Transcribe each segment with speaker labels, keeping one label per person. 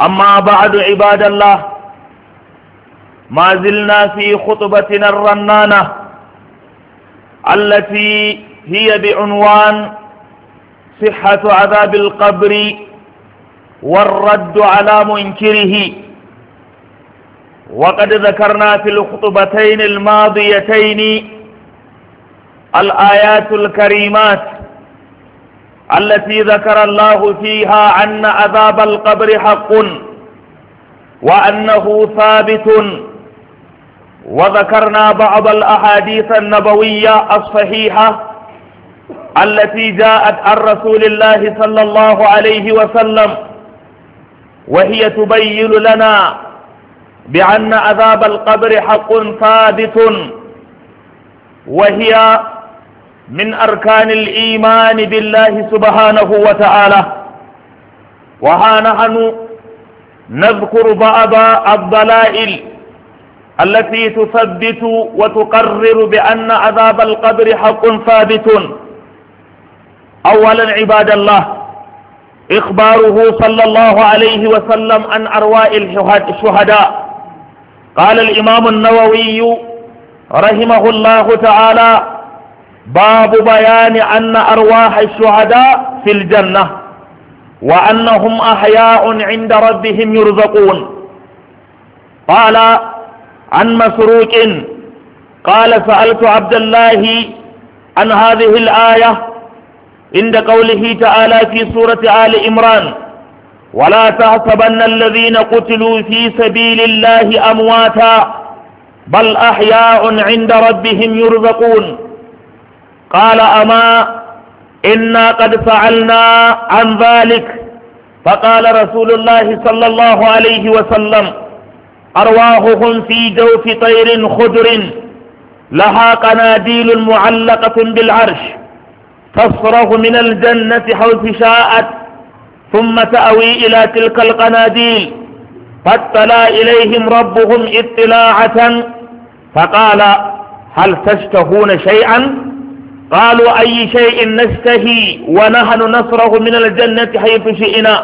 Speaker 1: أما بعد عباد الله ما زلنا في خطبتنا الرنانة التي هي بعنوان صحة عذاب القبر والرد على منكره وقد ذكرنا في الخطبتين الماضيتين الآيات الكريمات التي ذكر الله فيها أن عذاب القبر حق وأنه ثابت وذكرنا بعض الأحاديث النبوية الصحيحة التي جاءت عن رسول الله صلى الله عليه وسلم وهي تبين لنا بأن عذاب القبر حق ثابت وهي من أركان الإيمان بالله سبحانه وتعالى وها نحن نذكر بعض الضلائل التي تثبت وتقرر بأن عذاب القبر حق ثابت أولا عباد الله إخباره صلى الله عليه وسلم عن أرواء الشهداء قال الإمام النووي رحمه الله تعالى باب بيان أن أرواح الشهداء في الجنة وأنهم أحياء عند ربهم يرزقون قال عن مسروق قال سألت عبد الله عن هذه الآية عند قوله تعالى في سورة آل إمران ولا تحسبن الذين قتلوا في سبيل الله أمواتا بل أحياء عند ربهم يرزقون قال أما إنا قد فعلنا عن ذلك فقال رسول الله صلى الله عليه وسلم أرواحهم في جوف طير خدر لها قناديل معلقة بالعرش تصرخ من الجنة حيث شاءت ثم تأوي إلى تلك القناديل فاطلع إليهم ربهم اطلاعة فقال هل تشتهون شيئا قالوا أي شيء نشتهي ونحن نصره من الجنة حيث شئنا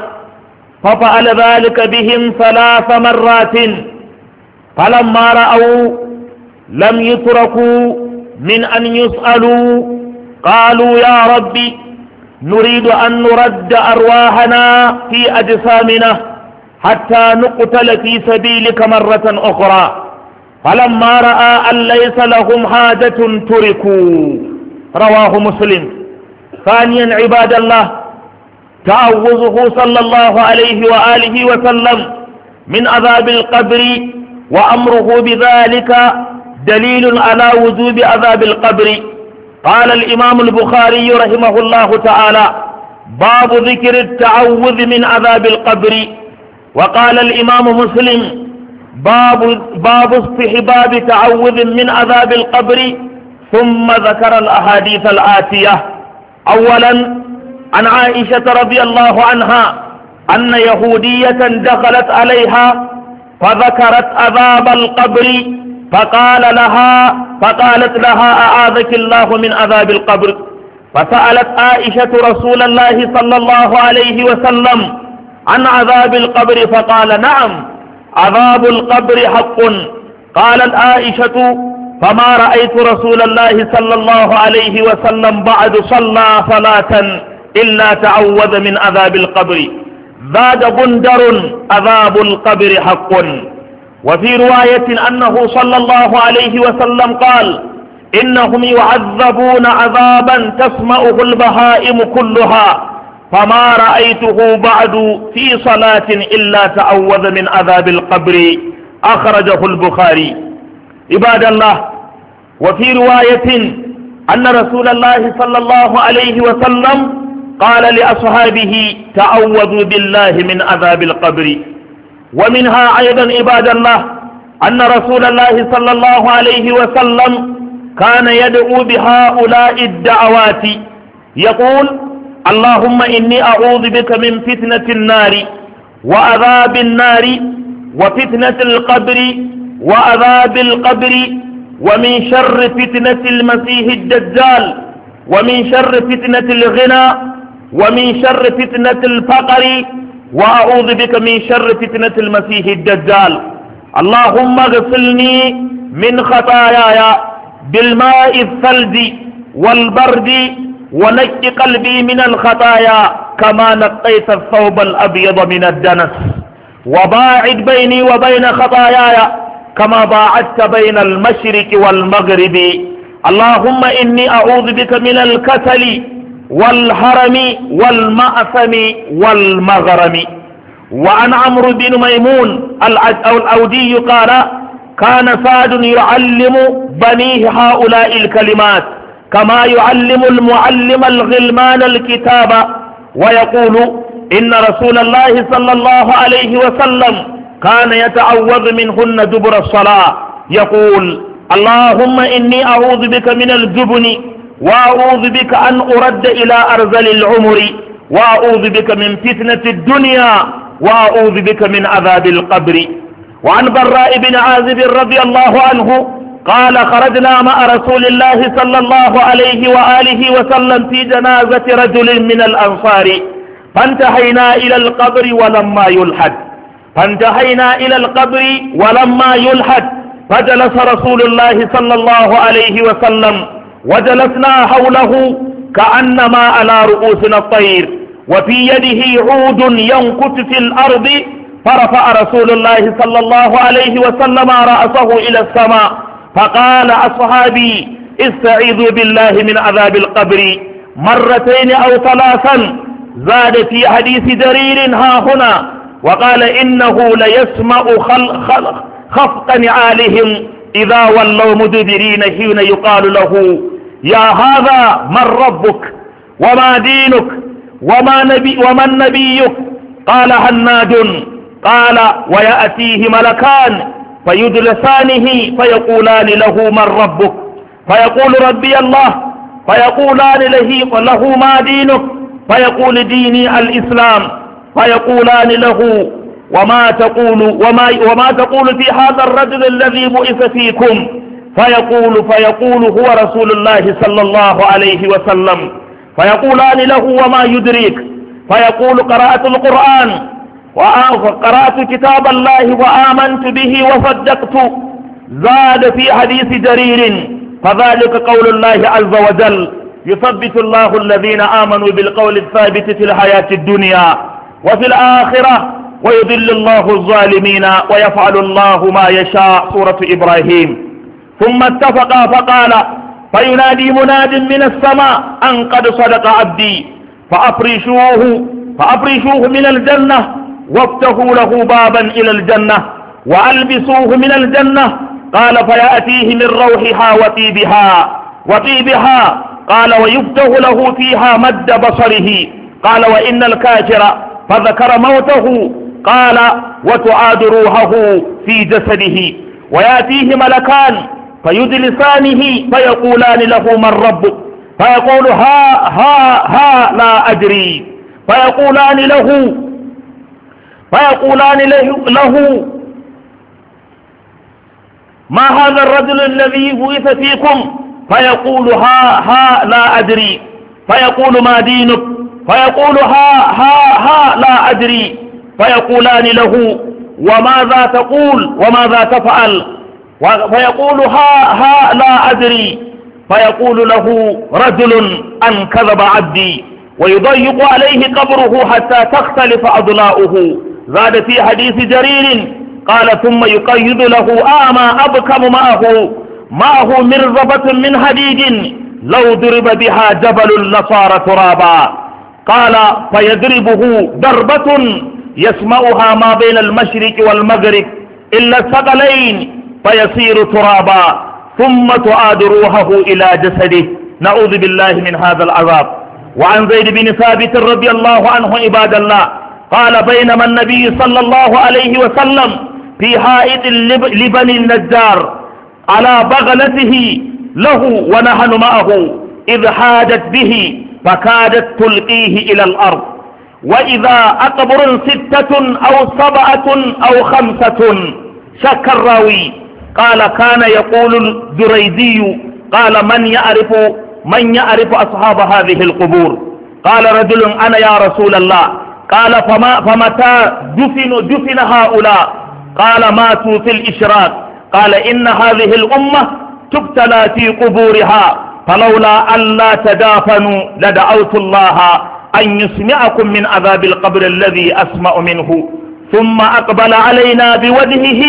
Speaker 1: ففعل ذلك بهم ثلاث مرات فلما رأوا لم يتركوا من أن يسألوا قالوا يا ربي نريد أن نرد أرواحنا في أجسامنا حتى نقتل في سبيلك مرة أخرى فلما رأى أن ليس لهم حاجة تركوا رواه مسلم ثانيا عباد الله تعوذه صلى الله عليه وآله وسلم من عذاب القبر وأمره بذلك دليل على وجوب عذاب القبر قال الإمام البخاري رحمه الله تعالى باب ذكر التعوذ من عذاب القبر وقال الإمام مسلم باب, باب استحباب تعوذ من عذاب القبر ثم ذكر الأحاديث الآتية أولا عن عائشة رضي الله عنها أن يهودية دخلت عليها فذكرت عذاب القبر فقال لها فقالت لها أعاذك الله من عذاب القبر فسألت عائشة رسول الله صلى الله عليه وسلم عن عذاب القبر فقال نعم عذاب القبر حق قالت عائشة فما رأيت رسول الله صلى الله عليه وسلم بعد صلى صلاة إلا تعوذ من عذاب القبر ذاد بندر عذاب القبر حق وفي رواية أنه صلى الله عليه وسلم قال إنهم يعذبون عذابا تسمعه البهائم كلها فما رأيته بعد في صلاة إلا تعوذ من عذاب القبر أخرجه البخاري عباد الله وفي رواية أن رسول الله صلى الله عليه وسلم قال لأصحابه تعوذوا بالله من عذاب القبر ومنها أيضا عباد الله أن رسول الله صلى الله عليه وسلم كان يدعو بهؤلاء الدعوات يقول اللهم إني أعوذ بك من فتنة النار وعذاب النار وفتنة القبر وعذاب القبر ومن شر فتنة المسيح الدجال ومن شر فتنة الغنى ومن شر فتنة الفقر وأعوذ بك من شر فتنة المسيح الدجال اللهم اغسلني من خطاياي بالماء الثلج والبرد ونق قلبي من الخطايا كما نقيت الثوب الأبيض من الدنس وباعد بيني وبين خطاياي كما باعدت بين المشرق والمغرب اللهم إني أعوذ بك من الكسل والهرم والمأثم والمغرم وعن عمرو بن ميمون الأودي قال كان سعد يعلم بنيه هؤلاء الكلمات كما يعلم المعلم الغلمان الكتاب ويقول إن رسول الله صلى الله عليه وسلم كان يتعوذ منهن دبر الصلاة يقول اللهم إني أعوذ بك من الجبن وأعوذ بك أن أرد إلى أرذل العمر وأعوذ بك من فتنة الدنيا وأعوذ بك من عذاب القبر وعن براء بن عازب رضي الله عنه قال خرجنا مع رسول الله صلى الله عليه وآله وسلم في جنازة رجل من الأنصار فانتهينا إلى القبر ولما يلحد فانتهينا إلى القبر ولما يلحد فجلس رسول الله صلى الله عليه وسلم وجلسنا حوله كأنما على رؤوسنا الطير وفي يده عود ينكت في الأرض فرفع رسول الله صلى الله عليه وسلم رأسه إلى السماء فقال أصحابي استعيذوا بالله من عذاب القبر مرتين أو ثلاثا زاد في حديث جرير ها هنا وقال إنه ليسمع خفق نعالهم إذا ولوا مدبرين حين يقال له يا هذا من ربك وما دينك وما, نبي ومن نبيك قال هناد قال ويأتيه ملكان فيدلسانه فيقولان له من ربك فيقول ربي الله فيقولان له ما دينك فيقول ديني الإسلام فيقولان له وما تقول وما وما تقول في هذا الرجل الذي بعث فيكم فيقول فيقول هو رسول الله صلى الله عليه وسلم فيقولان له وما يدريك فيقول قرأت القرآن وقرأت كتاب الله وآمنت به وصدقت زاد في حديث جرير فذلك قول الله عز وجل يثبت الله الذين آمنوا بالقول الثابت في الحياة الدنيا وفي الآخرة ويذل الله الظالمين ويفعل الله ما يشاء سورة إبراهيم ثم اتفقا فقال فينادي مناد من السماء أن قد صدق عبدي فأفرشوه فأفرشوه من الجنة وافتحوا له بابا إلى الجنة وألبسوه من الجنة قال فيأتيه من روحها وطيبها وطيبها قال ويفتح له فيها مد بصره قال وإن الكافر فذكر موته قال وتعاد روحه في جسده ويأتيه ملكان فيجلسانه فيقولان له من ربك فيقول ها ها ها لا أدري فيقولان له فيقولان له ما هذا الرجل الذي بعث فيكم فيقول ها ها لا أدري فيقول ما دينك فيقول ها ها ها لا أدري فيقولان له وماذا تقول وماذا تفعل فيقول ها ها لا أدري فيقول له رجل أن كذب عبدي ويضيق عليه قبره حتى تختلف أضلاؤه زاد في حديث جرير قال ثم يقيد له آما آه، أبكم معه معه مرزبة من حديد لو ضرب بها جبل لصار ترابا قال فيضربه ضربة يسمعها ما بين المشرق والمغرب إلا الثقلين فيصير ترابا ثم تعاد روحه إلى جسده نعوذ بالله من هذا العذاب وعن زيد بن ثابت رضي الله عنه عباد الله قال بينما النبي صلى الله عليه وسلم في حائط لبني النجار على بغلته له ونحن معه إذ حاجت به فكادت تلقيه إلى الأرض وإذا أقبر ستة أو سبعة أو خمسة شك الراوي قال كان يقول الجريدي قال من يعرف من يعرف أصحاب هذه القبور قال رجل أنا يا رسول الله قال فما فمتى دفن دفن هؤلاء قال ماتوا في الإشراق قال إن هذه الأمة تبتلى في قبورها فلولا ألا تدافنوا لدعوت الله أن يسمعكم من عذاب القبر الذي أسمع منه ثم أقبل علينا بوجهه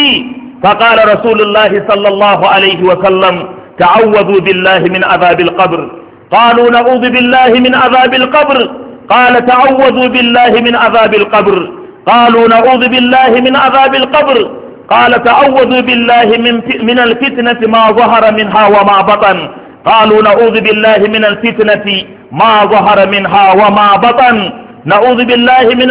Speaker 1: فقال رسول الله صلى الله عليه وسلم تعوذوا بالله من عذاب القبر قالوا نعوذ بالله من عذاب القبر قال تعوذوا بالله من عذاب القبر قالوا نعوذ بالله من عذاب القبر قال تعوذوا بالله من من الفتنة ما ظهر منها وما بطن قالوا نعوذ بالله من الفتنة ما ظهر منها وما بطن نعوذ بالله من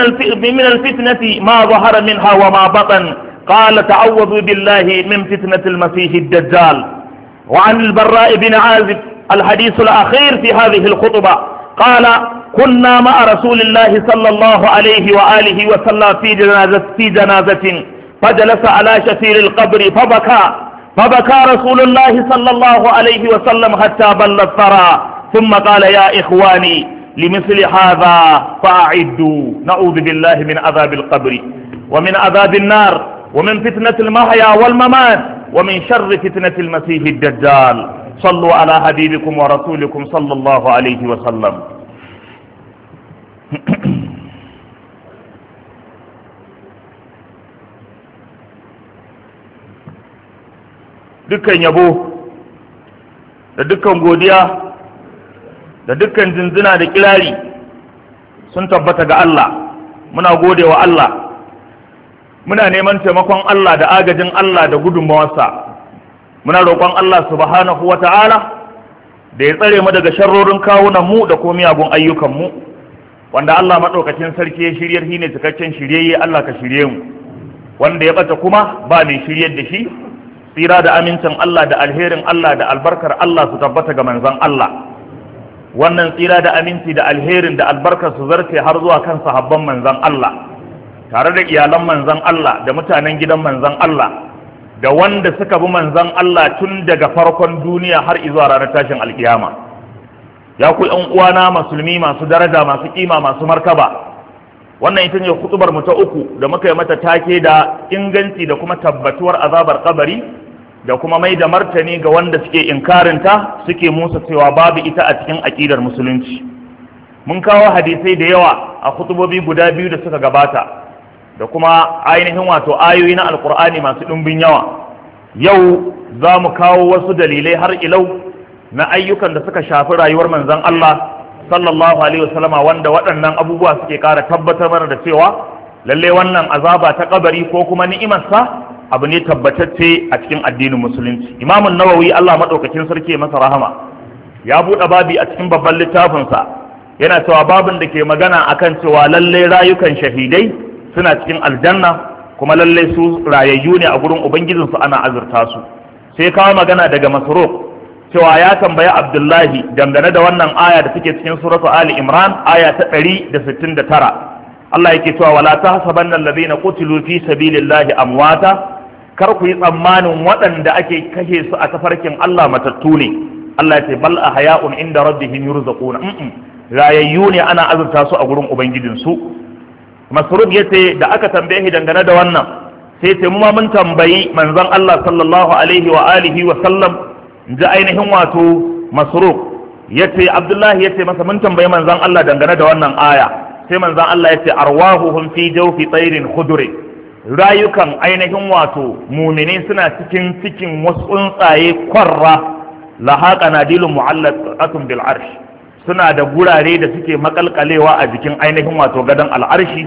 Speaker 1: من الفتنة ما ظهر منها وما بطن قال تعوذوا بالله من فتنة المسيح الدجال وعن البراء بن عازب الحديث الأخير في هذه الخطبة قال كنا مع رسول الله صلى الله عليه وآله وسلم في جنازة, في جنازة فجلس على شفير القبر فبكى فبكى رسول الله صلى الله عليه وسلم حتى بل الثرى ثم قال يا إخواني لمثل هذا فأعدوا نعوذ بالله من عذاب القبر ومن عذاب النار ومن فتنة المحيا والممات ومن شر فتنة المسيح الدجال صلوا على حبيبكم ورسولكم صلى الله عليه وسلم dukkan yabo da dukkan godiya da dukkan zinzina da kirari sun tabbata ga Allah muna gode wa Allah muna neman taimakon Allah da agajin Allah da gudunmawarsa muna roƙon Allah subhanahu wa ta'ala da ya tsare mu daga sharrorin kawunan mu da kuma miyagun ayyukan mu wanda Allah maɗaukacin sarki ya shiryar shi ne cikakken shiryayye Allah ka shirye mu wanda ya bata kuma ba mai shiryar da shi tsira da amincin Allah da alherin Allah da albarkar Allah su tabbata ga manzon Allah wannan tsira da aminci da alherin da albarkar su zarce har zuwa kan sahabban manzon Allah tare da iyalan manzon Allah da mutanen gidan manzon Allah da wanda suka bi manzon Allah tun daga farkon duniya har izuwa ranar tashin alkiyama ya ku yan uwana musulmi masu daraja masu kima masu markaba wannan ita ne kutubar mu ta uku da muka yi mata take da inganci da kuma tabbatuwar azabar kabari da kuma mai da martani ga wanda suke inkarinta suke musa cewa babu ita a cikin aƙidar musulunci mun kawo hadisai da yawa a kutubobi guda biyu da suka gabata da kuma ainihin wato ayoyi na alkur'ani masu ɗumbin yawa yau za mu kawo wasu dalilai har ilau na ayyukan da suka shafi rayuwar manzon Allah sallallahu alaihi wasallama wanda waɗannan abubuwa suke ƙara tabbatar mana da cewa lallai wannan azaba ta kabari ko kuma ni'imarsa abu ne tabbatacce a cikin addinin musulunci imamun nawawi Allah maɗaukakin sarki masa rahama ya buɗe babi a cikin babban littafinsa yana cewa babin da ke magana akan cewa lallai rayukan shahidai suna cikin aljanna kuma lallai su rayayyu ne a gurin ubangijinsu ana azurta su sai kawo magana daga masruq cewa ya tambaya abdullahi dangane da wannan aya da take cikin suratu ali imran aya ta ɗari da da sittin tara. Allah yake cewa wala tahsabanna alladhina qutilu fi sabilillahi amwata kar ku yi tsammanin waɗanda ake kashe su a tafarkin Allah matattu ne Allah ya ce bal a haya'un inda rabbihim yurzaquna mm rayayyu ne ana azurta su a gurin ubangijin su ya ce da aka tambaye shi dangane da wannan sai ce mu ma mun tambayi manzon Allah sallallahu alaihi wa alihi wa sallam ji ainihin wato ya ce Abdullahi ya ce masa mun tambayi manzon Allah dangane da wannan aya sai manzon Allah ya ce arwahuhum fi jawfi tayrin khudri rayukan ainihin wato mumini suna cikin cikin wasu tsuntsaye kwarra lahaqa nadilun mu'allaqatun bil arsh suna da gurare da suke makalkalewa a jikin ainihin wato gadon al'arshi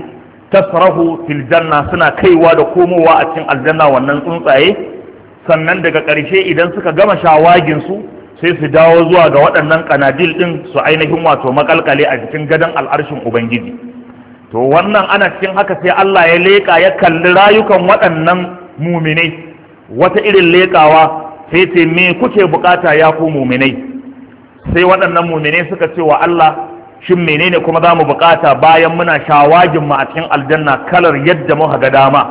Speaker 1: tasrahu fil janna suna kaiwa da komowa a cikin aljanna wannan tsuntsaye sannan daga karshe idan suka gama shawagin su sai su dawo zuwa ga waɗannan kanadil din su ainihin wato makalkale a jikin gadon al'arshin ubangiji to wannan ana cikin haka sai Allah ya leƙa ya kalli rayukan waɗannan muminai wata irin leƙawa sai ce me kuke bukata ya ku muminai sai waɗannan muminai suka ce wa Allah shin menene kuma za mu bukata bayan muna shawagin mu a cikin aljanna kalar yadda muka ga dama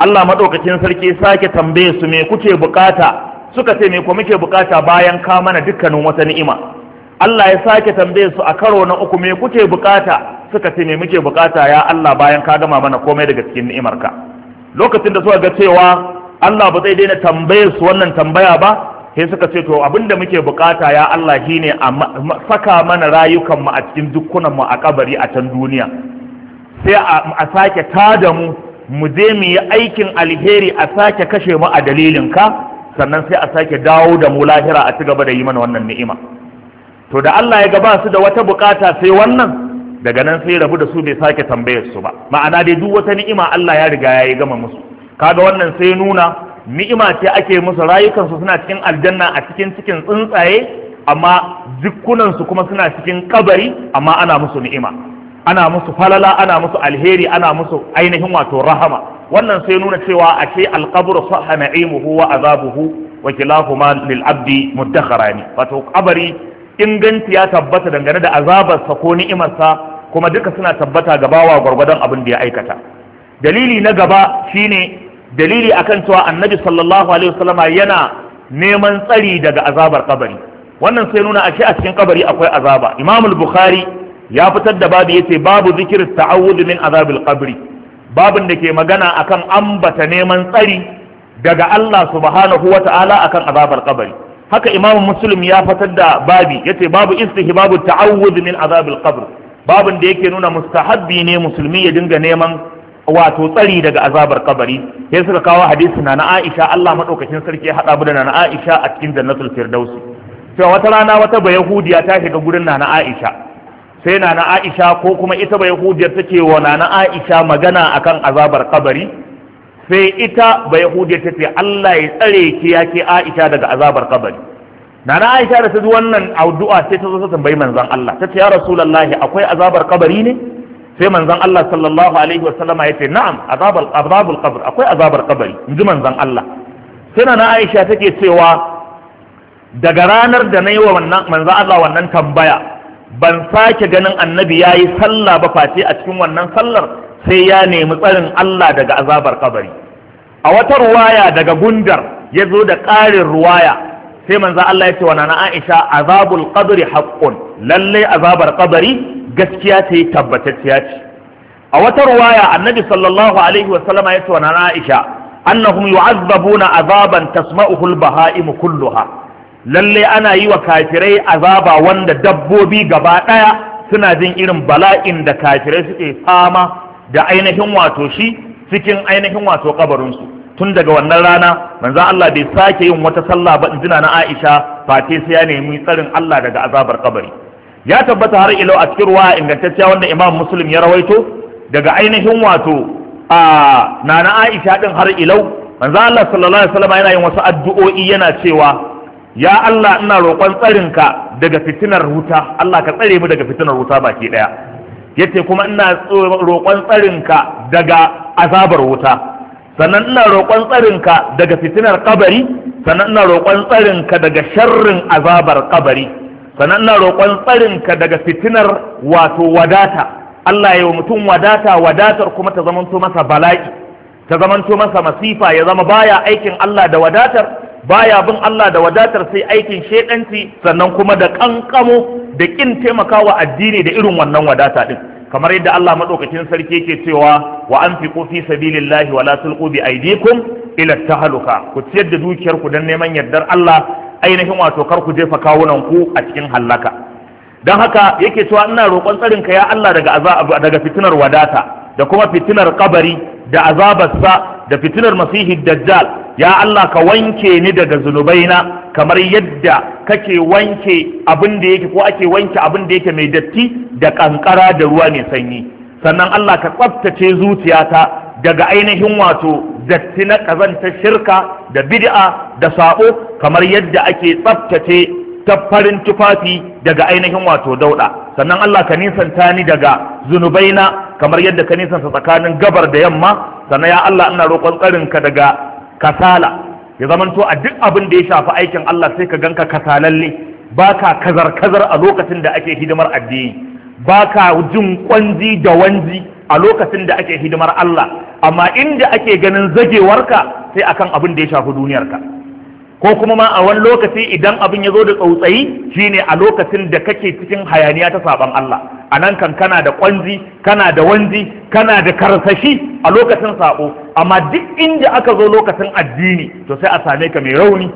Speaker 1: Allah madaukakin sarki sake tambaye su me kuke bukata suka ce me ko muke bukata bayan ka mana dukkanin wata ni'ima Allah ya sake tambaye su a karo na uku me kuke bukata suka ce me muke bukata ya Allah bayan ka gama mana komai daga cikin ni'imarka lokacin da suka ga cewa Allah ba zai daina tambaye su wannan tambaya ba sai suka ce to abinda muke bukata ya Allah shine a saka mana rayukan mu a cikin dukkunan mu a kabari a can duniya sai a sake tada mu mu je mu yi aikin alheri a sake kashe mu a dalilin ka sannan sai a sake dawo da mu lahira a ci gaba da yi mana wannan ni'ima to da Allah ya gaba su da wata bukata sai wannan daga nan sai rabu da su bai sake tambayar su ba ma'ana dai duk wata ni'ima Allah ya riga yayi gama musu kaga wannan sai nuna ni'ima ce ake musu rayukan su suna cikin aljanna a cikin cikin tsuntsaye amma jikunan su kuma suna cikin kabari amma ana musu ni'ima ana musu falala ana musu alheri ana musu ainihin wato rahama wannan sai nuna cewa ashe alqabru sahha na'imuhu wa azabuhu wa kilahuma lil abdi mudakharani wato kabari inganci ya tabbata dangane da azabarsa ko ni'imarsa kuma duka suna tabbata ga bawa gwargwadon abin da ya aikata dalili na gaba shine dalili akan cewa annabi sallallahu alaihi wasallama yana neman tsari daga azabar kabari wannan sai nuna ashe a cikin kabari akwai azaba imamul bukhari ya fitar da babu yace babu zikir ta'awud min azabil qabri babin da ke magana akan ambata neman tsari daga Allah subhanahu wata'ala akan azabar kabari haka imamu muslim ya fitar da babi yace babu istihbabu ta'awud min azabil qabr babin da yake nuna mustahabbi ne musulmi ya dinga neman wato tsari daga azabar kabari sai suka kawo hadisi na na Aisha Allah madaukakin sarki ya hada mu da na Aisha a cikin jannatul firdausi cewa wata rana wata ba yahudiya ta shiga gurin na Aisha sai na na Aisha ko kuma ita ba yahudiyar take wa na na Aisha magana akan azabar kabari sai ita ba yahudiyar ce Allah ya tsare ki ya ke Aisha daga azabar kabari Nana na aisha da ta ji wannan addu'a sai ta zo ta tambayi manzon Allah ta ce ya rasulullahi akwai azabar kabari ne sai manzon Allah sallallahu alaihi wasallama ya ce na'am azabul azabul qabr akwai azabar kabari ji manzon Allah sai na aisha take cewa daga ranar da nayi wa wannan manzon Allah wannan tambaya ban sake ganin annabi yayi sallah ba face a cikin wannan sallar sai ya nemi tsarin Allah daga azabar kabari a wata ruwaya daga gundar ya zo da ƙarin ruwaya sai manzo Allah ya ce wa nana Aisha azabul qabri haqqun lalle azabar qabari gaskiya ce tabbatacciya ce a wata ruwaya annabi sallallahu alaihi wa sallama ya ce wa nana Aisha annahum yu'azzabuna azaban tasma'uhu al-baha'im kulluha lalle ana yi wa kafirai azaba wanda dabbobi gaba daya suna jin irin bala'in da kafirai suke fama da ainihin wato shi cikin ainihin wato kabarinsu tun daga wannan rana manzo Allah bai sake yin wata sallah ba injina na Aisha fate sai ya nemi tsarin Allah daga azabar kabari ya tabbata har ilau a cikin ruwa ingantacciya wanda Imam Muslim ya rawaito daga ainihin wato a nana Aisha din har ilau manzo Allah sallallahu alaihi wasallam yana yin wasu addu'o'i yana cewa ya Allah ina roƙon tsarinka daga fitinar wuta Allah ka tsare mu daga fitinar wuta baki daya yace kuma ina roƙon tsarinka daga azabar wuta sannan ina roƙon tsarinka daga fitinar kabari sannan ina roƙon tsarinka daga sharrin azabar kabari sannan ina roƙon tsarinka daga fitinar wato wadata Allah ya mutum wadata wadatar kuma ta zamanto masa bala'i ta zamanto masa masifa ya zama baya aikin Allah da wadatar baya bin Allah da wadatar sai aikin shedanci sannan kuma da kankamo da kin taimakawa addini da irin wannan wadata din kamar yadda Allah madaukakin sarki yake cewa wa anfiqu fi sabilillahi wa la tulqu bi aydikum ila tahaluka ku ciyar da dukiyar ku dan neman yardar Allah ainihin wato kar ku jefa kawunan ku a cikin hallaka dan haka yake cewa ina roƙon tsarin ka ya Allah daga azaba daga fitinar wadata da kuma fitinar kabari da azabarsa da fitinar masihid dajjal ya Allah ka wanke ni daga zunubaina kamar yadda kake wanke abin da yake ko ake wanke abin da yake mai datti da kankara da ruwa mai sanyi sannan Allah ka tsaftace zuciyata daga ainihin wato datti na kazanta shirka da bid'a da sabo kamar yadda ake tsaftace tafarin tufafi daga ainihin wato dauda sannan Allah ka nisanta ni daga zunubaina kamar yadda ka nisanta tsakanin gabar da yamma sannan ya Allah ina roƙon tsarinka daga kasala ya zamanto a duk abin da ya shafi aikin Allah sai ka ganka kasalalle ba ka kazar-kazar a lokacin da ake hidimar addini ba ka jin kwanzi da wanzi a lokacin da ake hidimar Allah amma inda ake ganin zagewarka sai akan abin da ya shafi duniyarka ko kuma ma a wani lokaci idan abin ya zo da tsautsayi shine a lokacin da kake cikin hayaniya ta saban Allah a nan kan kana da kwanzi kana da wanzi kana da karsashi a lokacin sako amma duk inda aka zo lokacin addini to sai a same ka mai rauni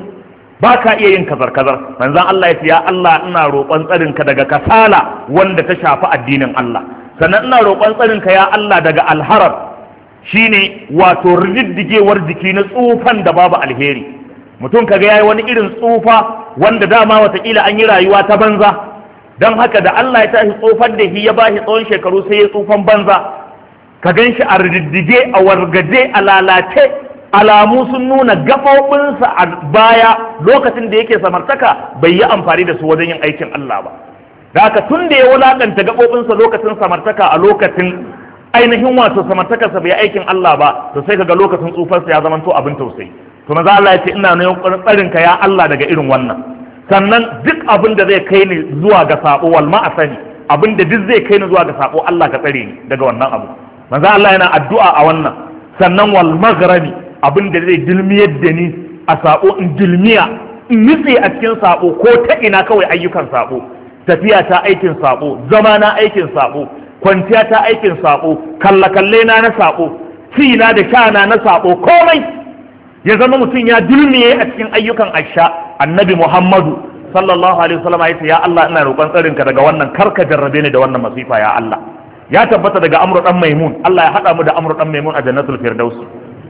Speaker 1: ba ka iya yin kazar kazar manzon Allah ya ce ya Allah ina roƙon tsarin ka daga kasala wanda ta shafi addinin Allah sannan ina roƙon tsarin ka ya Allah daga alharar shine wato riddigewar jiki na tsufan da babu alheri mutum kaga yayi wani irin tsufa wanda dama watakila an yi rayuwa ta banza don haka da Allah ya tashi tsofar da shi ya bashi tsawon shekaru sai ya tsufan banza ka gan shi a riddige a wargade a lalace alamu sun nuna gafofinsa a baya lokacin da yake samartaka bai yi amfani da su wajen yin aikin Allah ba da haka tun da ya wulaƙanta gabobinsa lokacin samartaka a lokacin ainihin wato samartakarsa bai aikin Allah ba to sai kaga lokacin tsufarsa ya zamanto abin tausayi to maza Allah ya ce ina neman tsarin ka ya Allah daga irin wannan sannan duk abin da zai kai ni zuwa ga sabo wal ma'asani abin da duk zai kai ni zuwa ga sabo Allah ka tsare ni daga wannan abu maza Allah yana addu'a a wannan sannan wal maghrabi abin da zai dilmiyar da ni a sabo in dilmiya in nitse a cikin sabo ko ta ina kawai ayyukan sabo tafiya ta aikin sabo zama na aikin sabo kwanciya ta aikin sabo kalle kalle na na sabo ci na da sha na na komai ya zama mutum ya dulmiye a cikin ayyukan aisha annabi muhammadu sallallahu alaihi wasallam ya ce ya Allah ina roƙon ka, daga wannan karka jarrabe ni da wannan masifa ya Allah ya tabbata daga amru dan maimun Allah ya hada mu da amru dan maimun a jannatul firdaus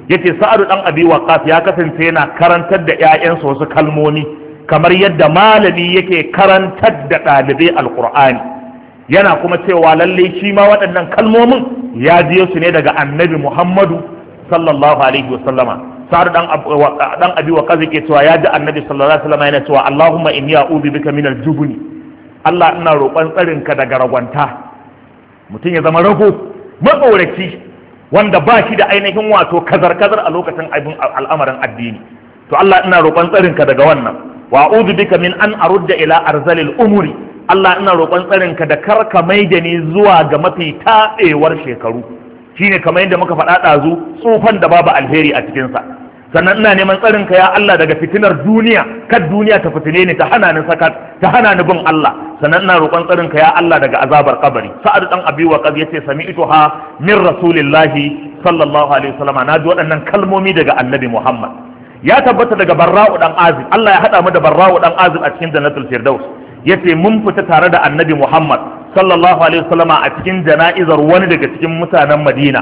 Speaker 1: yace sa'adu dan abi waqas ya kasance yana karantar da ƴaƴansa wasu kalmomi kamar yadda malami yake karantar da ɗalibai alqur'ani yana kuma cewa lalle shi ma waɗannan kalmomin ya jiyo su ne daga annabi muhammadu sallallahu alaihi wasallama sa'ad dan dan abi wa kaza ke cewa ya ji annabi sallallahu alaihi wasallam yana cewa Allahumma inni a'udhu bika minal jubni Allah ina roƙon tsarin ka daga ragwanta mutum ya zama rago matsoraci wanda ba shi da ainihin wato kazar kazar a lokacin abin al'amarin addini to Allah ina roƙon tsarin ka daga wannan wa a'udhu bika min an arudda ila arzalil umuri Allah ina roƙon tsarin ka da karka da ni zuwa ga mafi taɗewar shekaru shine kamar yadda muka faɗa ɗazu tsufan da babu alheri a cikinsa sannan ina neman tsarin ya Allah daga fitinar duniya kad duniya ta fitine ni ta hana ni sakat ta hana ni bin Allah sannan ina roƙon tsarin ya Allah daga azabar kabari sa'ad dan abi waqas yace ha min rasulillahi sallallahu alaihi wasallam na ji waɗannan kalmomi daga annabi Muhammad ya tabbata daga barra'u dan azib Allah ya hada mu da barra'u dan azib a cikin jannatul firdaus yace mun fita tare da annabi Muhammad sallallahu alaihi wasallama a cikin jana'izar wani daga cikin mutanen madina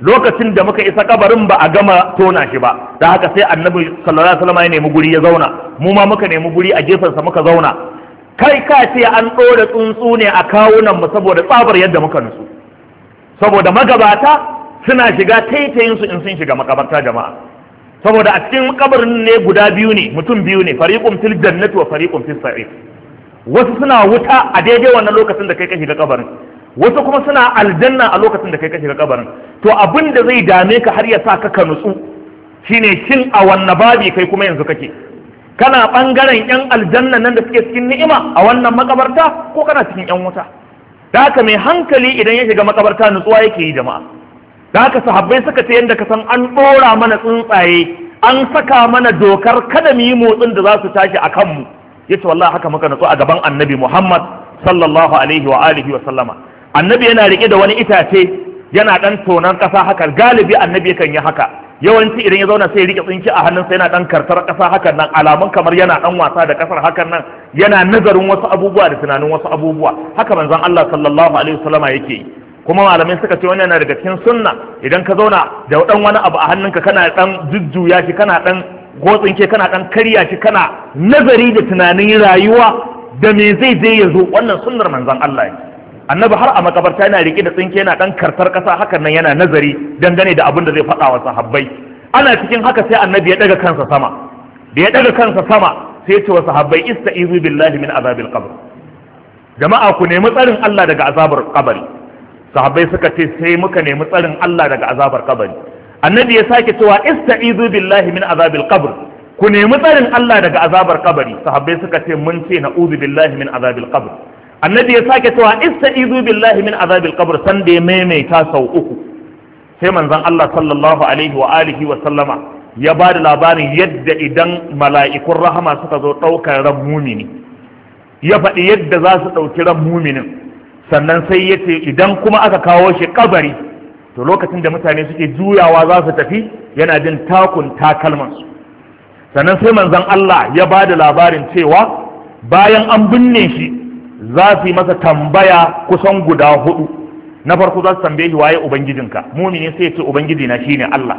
Speaker 1: lokacin da muka isa kabarin ba a gama tona shi ba da haka sai annabi sallallahu alaihi wasallama ya nemi guri ya zauna mu ma muka nemi guri a gefensa muka zauna kai ka ce an ɗora tsuntsu ne a kawunan mu saboda tsabar yadda muka nusu. saboda magabata suna shiga taitayin su in sun shiga makabarta jama'a saboda a cikin kabarin ne guda biyu ne mutum biyu ne fariqum fil jannati wa fariqum fis sa'ir wasu suna wuta a daidai wannan lokacin da kai ka shiga kabarin wasu kuma suna aljanna a lokacin da kai ka shiga kabarin to abin da zai dame ka har ya sa ka ka nutsu shine shin a wannan babi kai kuma yanzu kake kana bangaren yan aljanna nan da suke cikin ni'ima a wannan makabarta ko kana cikin yan wuta da haka mai hankali idan ya shiga makabarta nutsuwa yake yi jama'a da haka sahabbai suka ce yadda ka san an ɗora mana tsuntsaye an saka mana dokar kada mu yi motsin da za su tashi a kanmu yace wallahi haka muka natsu a gaban annabi Muhammad sallallahu alaihi wa alihi wa sallama annabi yana rike da wani itace yana dan tonan kasa haka galibi annabi yakan yi haka yawanci idan ya zauna sai ya rike tsinki a hannunsa yana dan kartar kasa haka nan alamun kamar yana dan wasa da kasar haka nan yana nazarin wasu abubuwa da tunanin wasu abubuwa haka manzon Allah sallallahu alaihi wasallama yake yi kuma malamai suka ce wannan yana daga cikin sunna idan ka zauna da dan wani abu a hannunka kana dan jujjuya shi kana dan gotsinke kana dan karya shi kana nazari da tunanin rayuwa da me zai je ya zo wannan sunnar manzon Allah ne annabi har a makabarta yana rike da tsinke yana dan kartar kasa hakan nan yana nazari dangane da abin da zai faɗa wa sahabbai ana cikin haka sai annabi ya daga kansa sama da ya daga kansa sama sai ce wa sahabbai ista'izu billahi min azabil qabr jama'a ku nemi tsarin Allah daga azabar kabari sahabbai suka ce sai muka nemi tsarin Allah daga azabar kabari annabi ya sake cewa ista'izu billahi min azabil qabr ku nemi tsarin Allah daga azabar kabari sahabbai suka ce mun ce na'udhu billahi min azabil qabr annabi ya sake cewa ista'izu billahi min azabil qabr san da ya maimaita sau uku sai manzon Allah sallallahu alaihi wa alihi wa sallama ya ba da labarin yadda idan mala'ikun rahama suka zo ɗaukar ran mumini ya faɗi yadda za su ɗauki ran muminin sannan sai ya ce idan kuma aka kawo shi kabari to lokacin da mutane suke juyawa za su tafi yana jin takun takalmansu sannan sai manzon Allah ya ba da labarin cewa bayan an binne shi za su yi masa tambaya kusan guda hudu na farko za su tambaye shi waye ubangijinka mumini sai ce ubangiji na shine Allah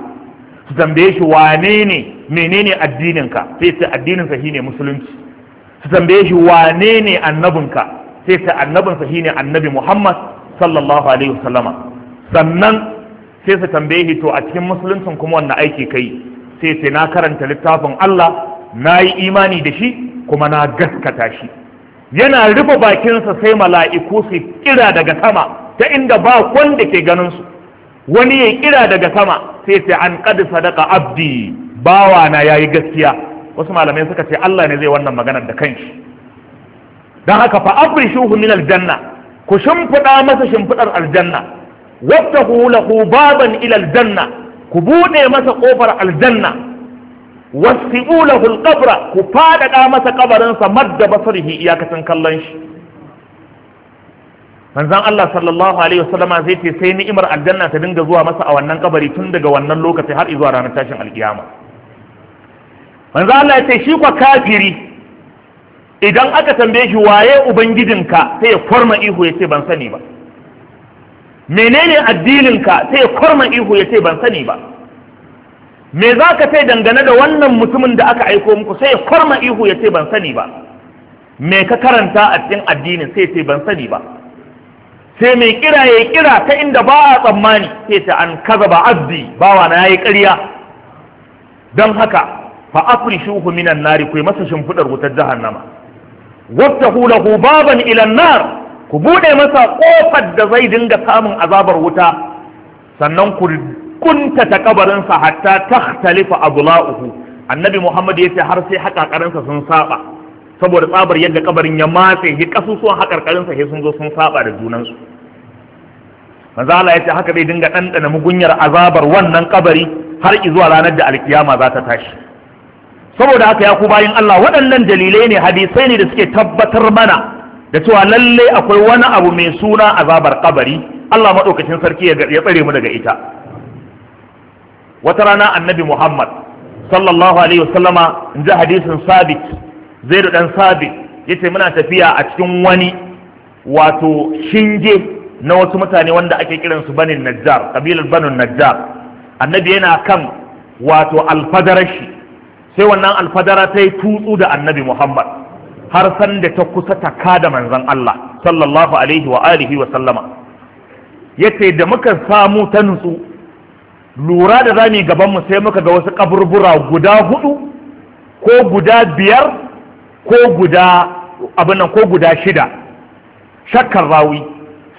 Speaker 1: su tambaye shi wane ne menene addininka sai ce addininsa shine musulunci su tambaye shi wane ne annabinka sai ce annabinsa shine annabi Muhammad sallallahu alaihi wasallama sannan sai su tambaye shi to a cikin musuluncin kuma wannan aiki kai sai sai na karanta littafin Allah na yi imani da shi kuma na gaskata shi yana rufe bakinsa sai mala'iku su kira daga sama ta inda ba wanda ke ganin su wani ya kira daga sama sai sai an qad sadaqa abdi bawa na yayi gaskiya wasu malamai suka ce Allah ne zai wannan maganar da kanshi dan haka fa afrishuhu min aljanna ku shimfida masa shimfidar aljanna waftahu lahu baban ila aljanna ku bude masa kofar aljanna wasi'u lahu alqabra ku fadada masa kabarin sa madda basarihi iyakacin kallon shi manzon Allah sallallahu alaihi wasallama zai ce sai ni'imar aljanna ta dinga zuwa masa a wannan kabari tun daga wannan lokaci har zuwa ranar tashin alkiyama manzon Allah ya ce shi kwa kafiri idan aka tambaye shi waye ubangijinka sai ya forma ihu ya ce ban sani ba menene addininka sai ya kwarma ihu ya ce ban sani ba me za ka sai dangane da wannan mutumin da aka aiko muku sai ya kwarma ihu ya ce ban sani ba me ka karanta a cikin addinin sai ce ban sani ba sai mai kira ya kira ta inda ba a tsammani sai ta an kaza ba abdi bawa na yayi ƙarya don haka fa afrishuhu minan nari ku masa shimfidar wutar jahannama waftahu hulahu baban ila nar ku buɗe masa ƙofar da zai dinga samun azabar wuta sannan ku kuntata kabarinsa hatta takhtalifa abula'uhu annabi muhammad ya ce har sai haƙaƙarinsa sun saba saboda tsabar yadda kabarin ya matse shi kasusuwan haƙarƙarinsa sai sun zo sun saba da junansu manzo Allah ya ce haka zai dinga ɗanɗana mugunyar azabar wannan kabari har zuwa ranar da alkiyama za ta tashi saboda haka ya ku bayin Allah waɗannan dalilai ne hadisai ne da suke tabbatar mana da cewa lalle akwai wani abu mai suna azabar kabari Allah maɗaukacin sarki ya tsare mu daga ita wata rana annabi Muhammad sallallahu alaihi wasallama in ji hadisin sabit zai da ɗan sabit ya ce muna tafiya a cikin wani wato shinge na wasu mutane wanda ake kiransu banin najjar kabilar banin najjar annabi yana kan wato alfadarar shi sai wannan alfadara ta yi tutsu da annabi Muhammad har san da ta kusa ta kada manzon Allah sallallahu alaihi wa alihi wa sallama yace da muka samu ta nutsu lura da zamu gaban mu sai muka ga wasu kaburbura guda hudu ko guda biyar ko guda abin ko guda shida shakkar rawi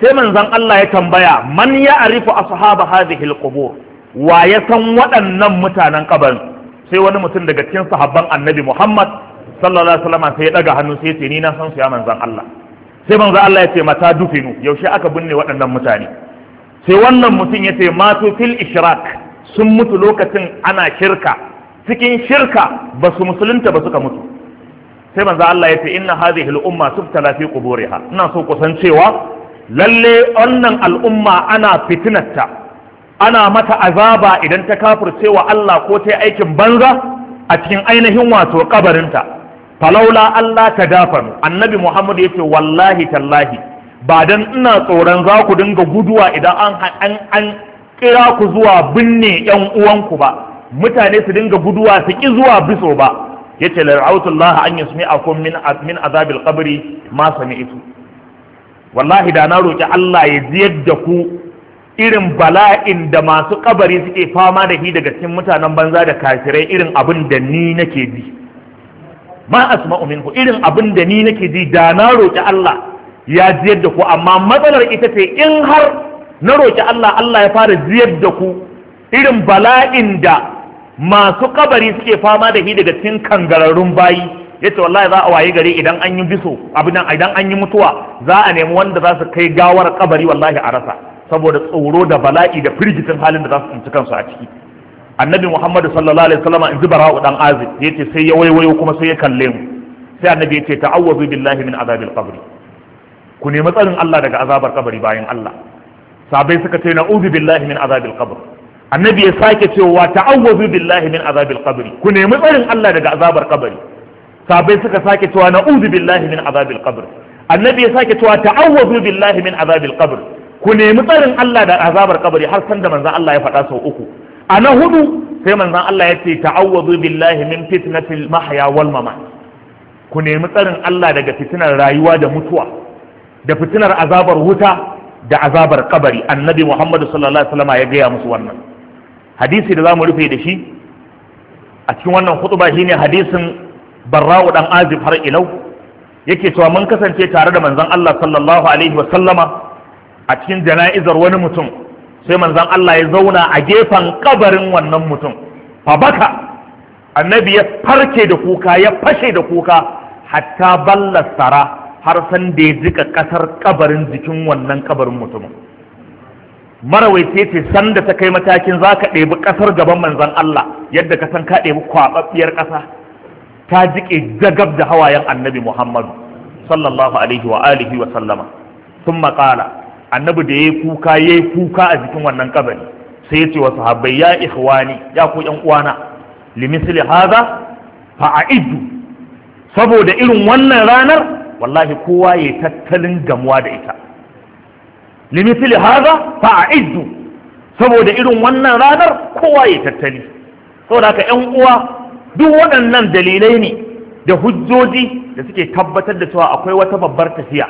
Speaker 1: sai manzon Allah ya tambaya man ya arifu ashabu hadhihi alqubur wa ya san waɗannan mutanen kabarin sai wani mutum daga cikin sahabban annabi Muhammad sallallahu alaihi wasallam sai ya daga hannu sai ce ni na san su ya manzan Allah sai manzan Allah ya ce mata dufinu yaushe aka binne waɗannan mutane sai wannan mutum ya ce matu fil ishrak sun mutu lokacin ana shirka cikin shirka ba su musulunta ba suka mutu sai manzo Allah ya ce inna hadhihi al-umma tubtala fi quburiha ina so ku san cewa lalle wannan al'umma ana fitinarta ana mata azaba idan ta wa Allah ko ta aikin banza a cikin ainihin wato kabarinta falaula Allah ta mu annabi Muhammad ya ce wallahi tallahi ba dan ina tsoron za ku dinga guduwa idan an an an kira ku zuwa binne yan uwanku ba mutane su dinga guduwa su ki zuwa biso ba yace la'autullah an yasmi'akum min min azabil qabri ma sami'tu wallahi da na roki Allah ya ziyar da ku irin bala'in da masu kabari suke fama da shi daga cikin mutanen banza da kafirai irin abin da ni nake bi ma asma'u minhu irin abin da ni nake ji da na roki Allah ya jiyar da ku amma matsalar ita ce in har na roki Allah Allah ya fara jiyar da ku irin bala'in da masu kabari suke fama da shi daga cikin kangararrun bayi yace wallahi za a waye gari idan an yi biso abin nan idan an yi mutuwa za a nemi wanda za su kai gawar kabari wallahi a rasa saboda tsoro da bala'i da firgitin halin da za su tsinci kansu a ciki annabi muhammadu sallallahu alaihi wasallam in zubara wa dan azib yace sai ya waiwayo kuma sai ya kalle mu sai annabi yace ta'awwazu billahi min azabil qabr ku nemi tsarin Allah daga azabar kabari bayan Allah sabai suka ce na'udhu billahi min azabil qabr annabi ya sake cewa ta'awwazu billahi min azabil qabr ku nemi tsarin Allah daga azabar kabari sabai suka sake cewa na'udhu billahi min azabil qabr annabi ya sake cewa ta'awwazu billahi min azabil qabr ku nemi tsarin Allah da azabar kabari har san da manzon Allah ya faɗa sau uku a na hudu sai manzon Allah ya ce ta'awwadu billahi min fitnatil mahya wal mamat ku nemi tsarin Allah daga fitinar rayuwa da mutuwa da fitinar azabar wuta da azabar kabari annabi Muhammad sallallahu alaihi wasallam ya gaya musu wannan hadisi da zamu rufe da shi a cikin wannan khutba shine hadisin Barra'u dan Azib har ilau yake cewa mun kasance tare da manzon Allah sallallahu alaihi wasallama a cikin jana'izar wani mutum sai manzan Allah ya zauna a gefen kabarin wannan mutum fa baka annabi ya farke da kuka ya fashe da kuka hatta ballastara, har san da ya jika kasar kabarin jikin wannan kabarin mutumin marawaice ce sanda ta kai matakin za ka ɗebi ƙasar gaban manzan Allah yadda ka san ka ɗebi kwaɓaɓɓiyar ƙasa ta jiƙe jagab da hawayen annabi Muhammadu sallallahu alaihi wa alihi wa sallama sun maƙala annabi da yayi kuka yayi kuka a jikin wannan kabari sai ya ce wa sahabbai ya ikhwani ya ku yan uwana limisli fa fa'iddu saboda irin wannan ranar wallahi kowa yayi tattalin gamuwa da ita limisli fa fa'iddu saboda irin wannan ranar kowa yayi tattali saboda ka yan uwa duk waɗannan dalilai ne da hujjoji da suke tabbatar da cewa akwai wata babbar tafiya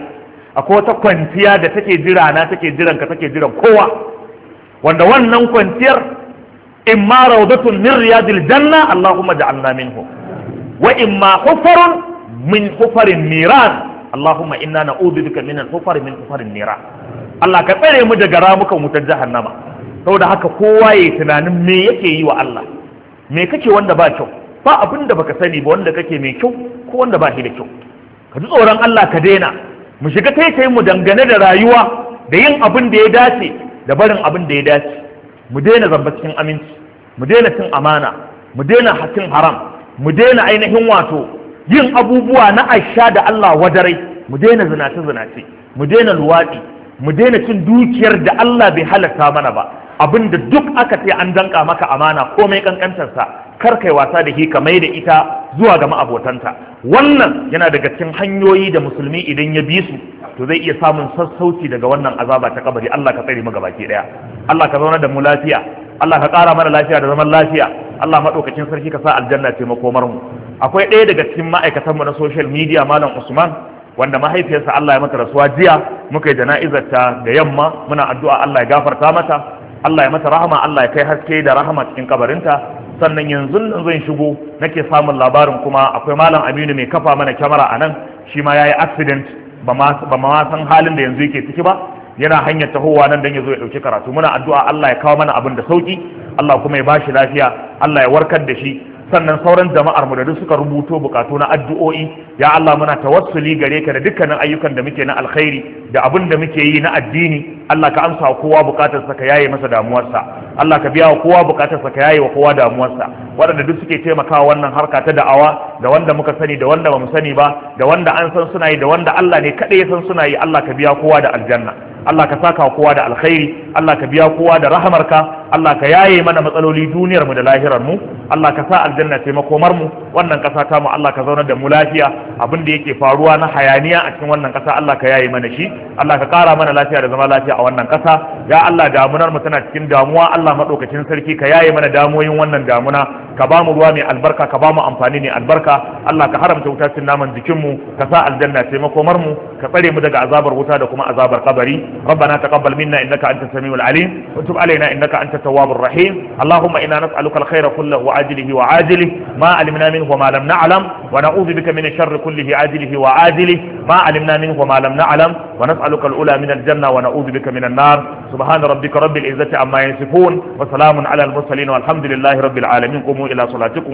Speaker 1: akwai wata kwanciya da take jira na take jiran ka take jiran kowa wanda wannan kwanciyar in ma raudatun min riyadil janna Allahumma ja'alna minhu wa in ma hufarun min hufarin niran Allahumma inna na'udhu bika min al-hufar min hufarin niran Allah ka tsare mu daga ramukan wutar jahannama saboda haka kowa yayi tunanin me yake yi wa Allah me kake wanda ba kyau ba abin da baka sani ba wanda kake mai kyau ko wanda ba shi da kyau ka ji tsoron Allah ka daina mu shiga taitayin mu dangane da rayuwa da yin abin da ya dace da barin abin da ya dace mu daina zamba cikin aminci mu daina cin amana mu daina hakin haram mu daina ainihin wato yin abubuwa na aisha da Allah wadarai mu daina zinace zinace mu daina luwaɗi mu daina cin dukiyar da Allah bai halatta mana ba Abin da duk aka ce an danka maka amana komai kankantarsa kar kai wasa da shi ka mai da ita zuwa ga ma'abotanta wannan yana daga cikin hanyoyi da musulmi idan ya bi su to zai iya samun sassauci daga wannan azaba ta kabari Allah ka tsare mu gabaki daya Allah ka zauna da mu lafiya Allah ka ƙara mana lafiya da zaman lafiya Allah maɗaukacin sarki ka sa aljanna ce makomar mu akwai ɗaya daga cikin ma'aikatan mu na social media malam Usman wanda mahaifiyarsa Allah ya mata rasuwa jiya muka yi jana'izar ta da yamma muna addu'a Allah ya gafarta mata Allah ya mata rahama Allah ya kai haske da rahama cikin kabarinta sannan yanzu nan zan shigo nake samun labarin kuma akwai malam Aminu mai kafa mana kyamara a nan shi ma yayi accident ba ma san halin da yanzu yake ciki ba yana hanyar tahowa nan dan ya zo ya dauki karatu muna addu'a Allah ya kawo mana abin da sauki Allah kuma ya bashi lafiya Allah ya warkar da shi sannan sauran jama'ar mu da duk suka rubuto bukatu na addu'o'i ya Allah muna tawassuli gare ka da dukkanin ayyukan da muke na alkhairi da abin da muke yi na addini Allah ka amsa kowa bukatar sa ka yaye masa damuwarsa Allah ka biya wa kowa bukatar sa ka yaye wa kowa damuwarsa waɗanda duk suke taimakawa wannan harka ta da'awa da wanda muka sani da wanda bamu sani ba da wanda an san suna yi da wanda Allah ne kaɗai ya san suna yi Allah ka biya kowa da aljanna Allah ka saka kowa da alkhairi Allah ka biya kowa da rahamarka Allah ka yaye mana matsaloli duniyar mu da lahirar mu Allah ka sa aljanna ce mu wannan kasa ta mu Allah ka zauna da mu lafiya abin da yake faruwa na hayaniya a cikin wannan kasa Allah ka yaye mana shi Allah ka kara mana lafiya da zama lafiya a wannan kasa ya Allah damunar mu tana cikin damuwa Allah madaukakin sarki ka yaye mana damoyin wannan damuna ka ba mu ruwa mai albarka ka ba mu amfani ne albarka Allah ka haramta wuta cin naman jikin mu ka sa aljanna ce mu ka tsare mu daga azabar wuta da kuma azabar kabari rabbana taqabbal minna alim wa tub alaina innaka tawwabur rahim allahumma inna nas'aluka alkhayra kullahu wa ajlihi wa ajlihi min sharri kullihi ajlihi wa ajlihi ma alimna janna wa na'udhu bika min an-nar subhana rabbika rabbil izzati amma yasifun wa salamun alal al-mursalin walhamdulillahi rabbil alamin qumu